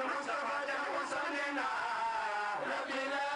المصطفى جهوى سننا ربي لا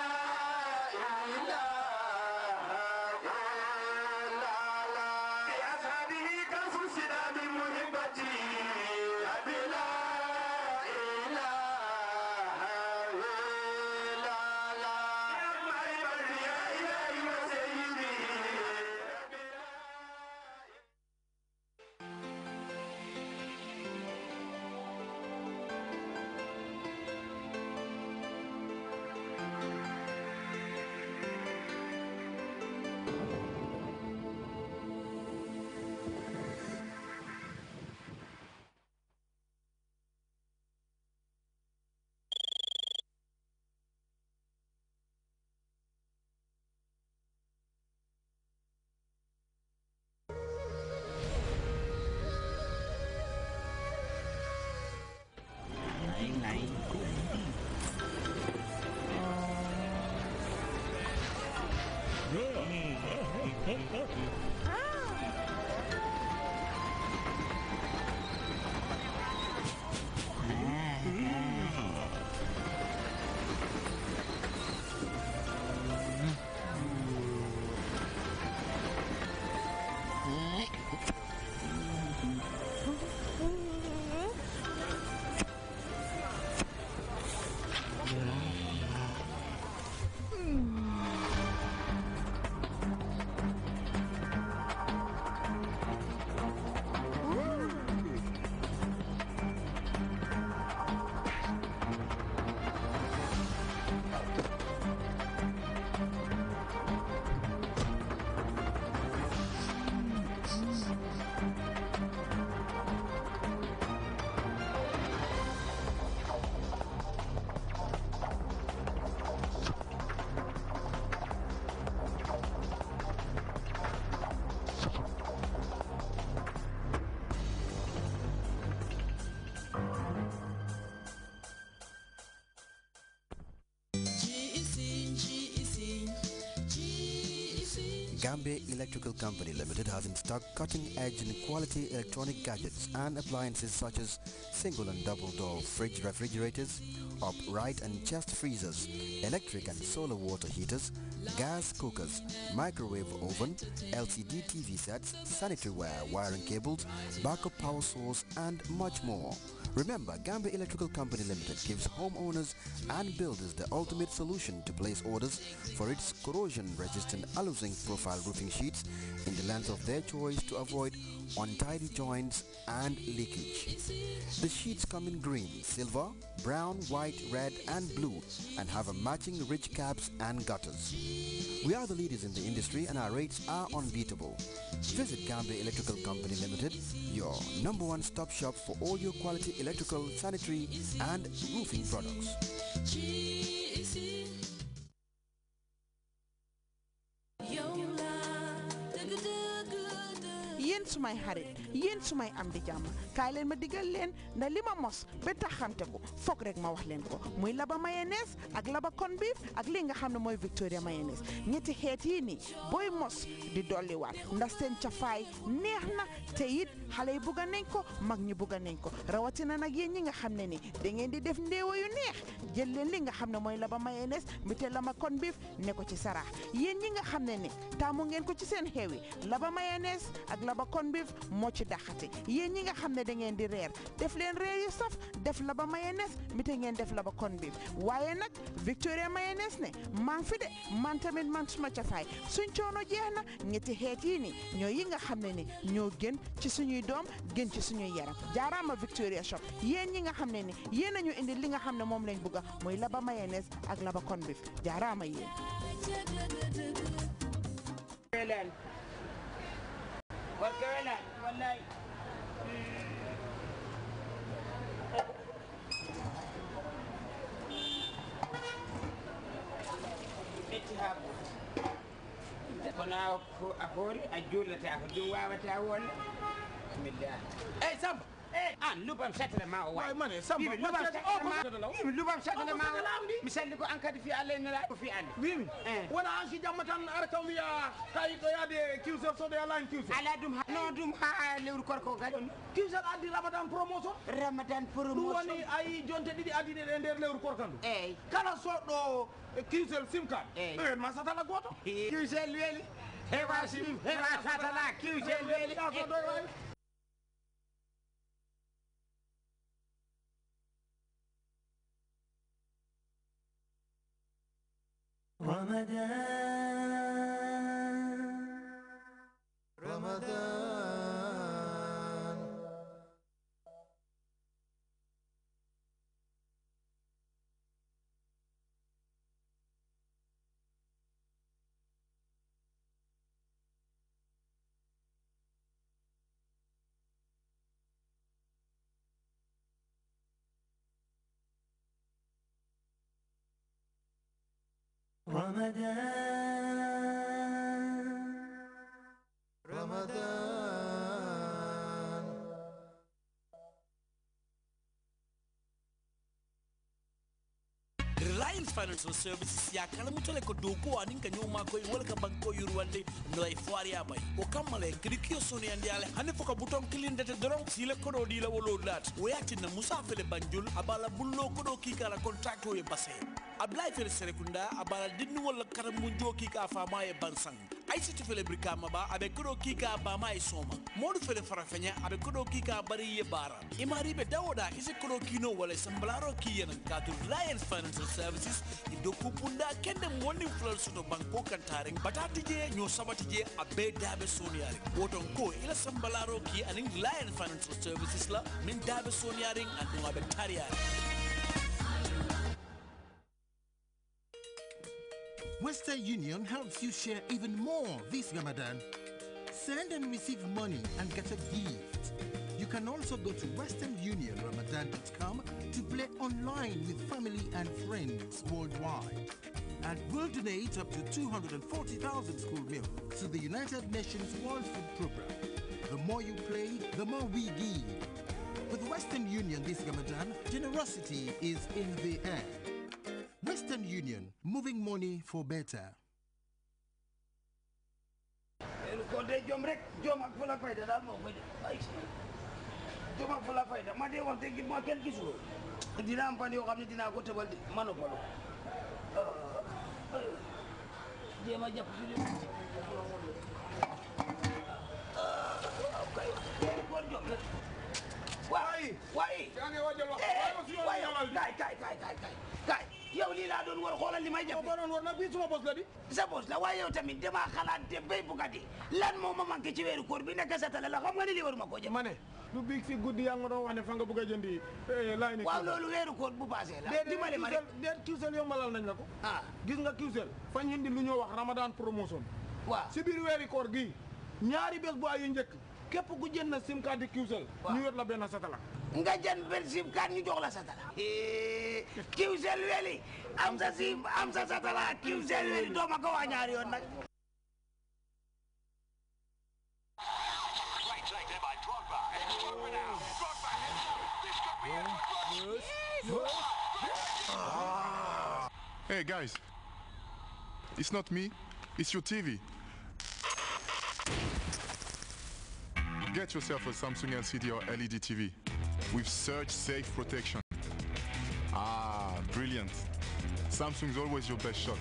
Gambia Electrical Company Limited has in stock cutting-edge and quality electronic gadgets and appliances such as single and double-door fridge refrigerators, upright and chest freezers, electric and solar water heaters, gas cookers, microwave oven, LCD TV sets, sanitary wire, wiring cables, backup power source and much more. Remember, Gambia Electrical Company Limited gives homeowners and builders the ultimate solution to place orders for its corrosion-resistant alu-zinc profile roofing sheets in the length of their choice to avoid untidy joints and leakage. The sheets come in green, silver, brown, white, red and blue and have a matching ridge caps and gutters. We are the leaders in the industry and our rates are unbeatable. Visit Gambia Electrical Company Limited, your number one stop shop for all your quality electrical electrical, sanitary and roofing products. yéen sumay xarit yéen sumay am di jàmm kaay leen ma digal leen ndax li ma mos ba tax xamte ko foog rek ma wax leen ko muy laba nees ak laba kon beef ak li nga xam ne mooy Victoria mayonnaise ñetti xeet yii nii booy mos di dolliwaat ndax seen cafaay neex na te it xale yi bugga nañ ko mag ñi bugga nañ ko rawatina nag yéen ñi nga xam ne ni da ngeen di def ndéewa yu neex jël leen li nga xam ne mooy laba mayonnaise mi te laba corn beef ne ko ci saraax yéen ñi nga xam ne ko ci seen xeew kon bi moo ci daxati yéen ñi nga xam ne da ngeen di reer def leen reer yu saf def la ba mayonnaise mbite ngeen def la ba kon bi waaye nag Victoria nees ne maa ngi fi de man tamit man suma cafaay suñ coono jeex na ñetti xeet yi ni ñoo yi nga xam ne ni ñoo gën ci suñuy doom gën ci suñuy yaram jaaraama Victoria shop yéen ñi nga xam ne ni yéen nañu indi li nga xam ne moom lañ bugga mooy la ba nees ak la ba kon bi jaaraama yéen What's going on? Eti hapo. Kuna akori ajula ta اللبم شكل ما هو ماني سمع اللبم شكل ما اللبم شكل ما هو مثال لكو أنك في علينا لا في أنا بيمي وانا عايش جمع كان أركو يا كاي كاي دي كيوسر صدى لاين كيوسر على دم نو دم ها لور كركو غادون كيوسر أدي رمضان بروموسون رمضان بروموسون دواني أي جون تدي أدي ندير لور كركو أي كلا صوت كيوسر سيم كارد أي ما ساتلا غوتو كيوسر ليلي هوا سيم هوا ساتلا كيوسر ليلي Ramadan financial services ya karamu tole ko do ko anin kanyo ma ko wal ka bank ko yuru wande no ay foire ya bay o kamale krikio soni andiale hanne foka buton clean date drong si le ko do di la wolo lat o yati na musafele banjul abala bullo ko do ki kala contract o ye passé ablaye fele serekunda abara dinnu walla karambu joki ka fama e bansang aissatu fele brikama ba abe kodo kika bama e soma modu fele farafenya abe kodo kika bari ye bara imari be dawoda ise kodo kino wala sambalaro ki yenan katu reliance financial services ido kupunda kende woni fulal soto banko kantaren batatu je nyo sabati je abe dabe soniari woton ko ila sambalaro ki anin reliance financial services la min dabe soniari andunga be tariari Western Union helps you share even more this Ramadan. Send and receive money and get a gift. You can also go to westernunionramadan.com to play online with family and friends worldwide. And will donate up to 240,000 school meals to the United Nations World Food Programme. The more you play, the more we give. With Western Union this Ramadan, generosity is in the air money for better. yow lii laa doon war xoolal li may def boo doon war nag bii suma bos la di sa bos la waaye yow tamit damaa xalaat te béykat yi lan moo ma manqué ci weeru koor bi nekk sa tala la xam nga ni lii waruma koo jëf ma ne lu biig si guddi yaa nga doon wax ne fa nga bëgg a jëndi eh, laay ni waaw loolu weeru koor bu ko ah gis nga kiwsel fañ indi lu ñoo wax ramadan promotion waaw si weeri koor gii ñaari bés bu ay yu njëkk képp ku jënd na sim card di kiwsel ñu yor la benn satala nga jan bersib kan ñu jox la satala kiw sel weli am sa sim am sa satala kiw sel weli ah. Hey guys, it's not me, it's your TV. Get yourself a Samsung LCD or LED TV with Surge Safe Protection. Ah, brilliant. Samsung's always your best shot.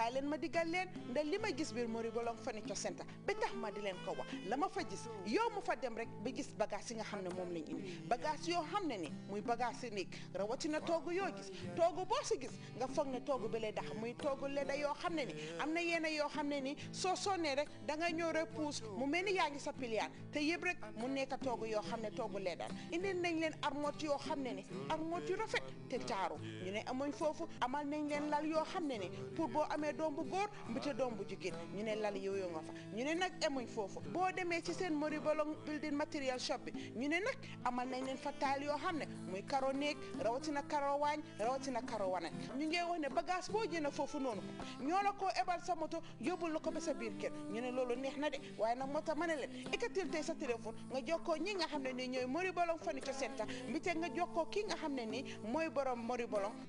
kaay leen ma diggal leen ndax li ma gis biir Moribolong Furniture Centre ba tax ma di leen ko wax la ma fa gis yow mu fa dem rek ba gis bagage yi nga xam ne moom lañ indi bagage yoo xam ne ni muy bagage yi nekk rawatina toogu yoo gis toogu boo si gis nga foog ne toogu bi lay dax muy toogu leda yoo xam ne ni am na yenn yoo xam ne ni soo sonnee rek da nga ñëw rek puus mu mel ni yaa ngi sa piliyaan te yëpp rek mu nekk toogu yoo xam ne toogu leda indi nañ leen armoire yoo xam ne ni armoire yu rafet te taaru ñu ne amuñ foofu amal nañ leen lal yoo xam ne ni pour boo amee waaye doom bu góor mbite doom bu jigéen ñu ne lal yooyu nga fa ñu ne nag emuñ foofu boo demee ci seen Mori Bolong building material shop bi ñu ne nag amal nañ leen fa taal yoo xam ne muy karo néeg rawatina karo waañ rawatina karo wanen ñu ngey wax ne bagage boo jënd foofu noonu ñoo la koo ebal sa moto yóbbul la ko ba sa biir kër ñu ne loolu neex na de waaye nag moo tax ma ne leen ikkatil tey sa téléphone nga jokkoo ñi nga xam ne nii ñooy Mori Bolong Furniture Centre mbite nga jokkoo ki nga xam ne nii mooy borom Mori Bolong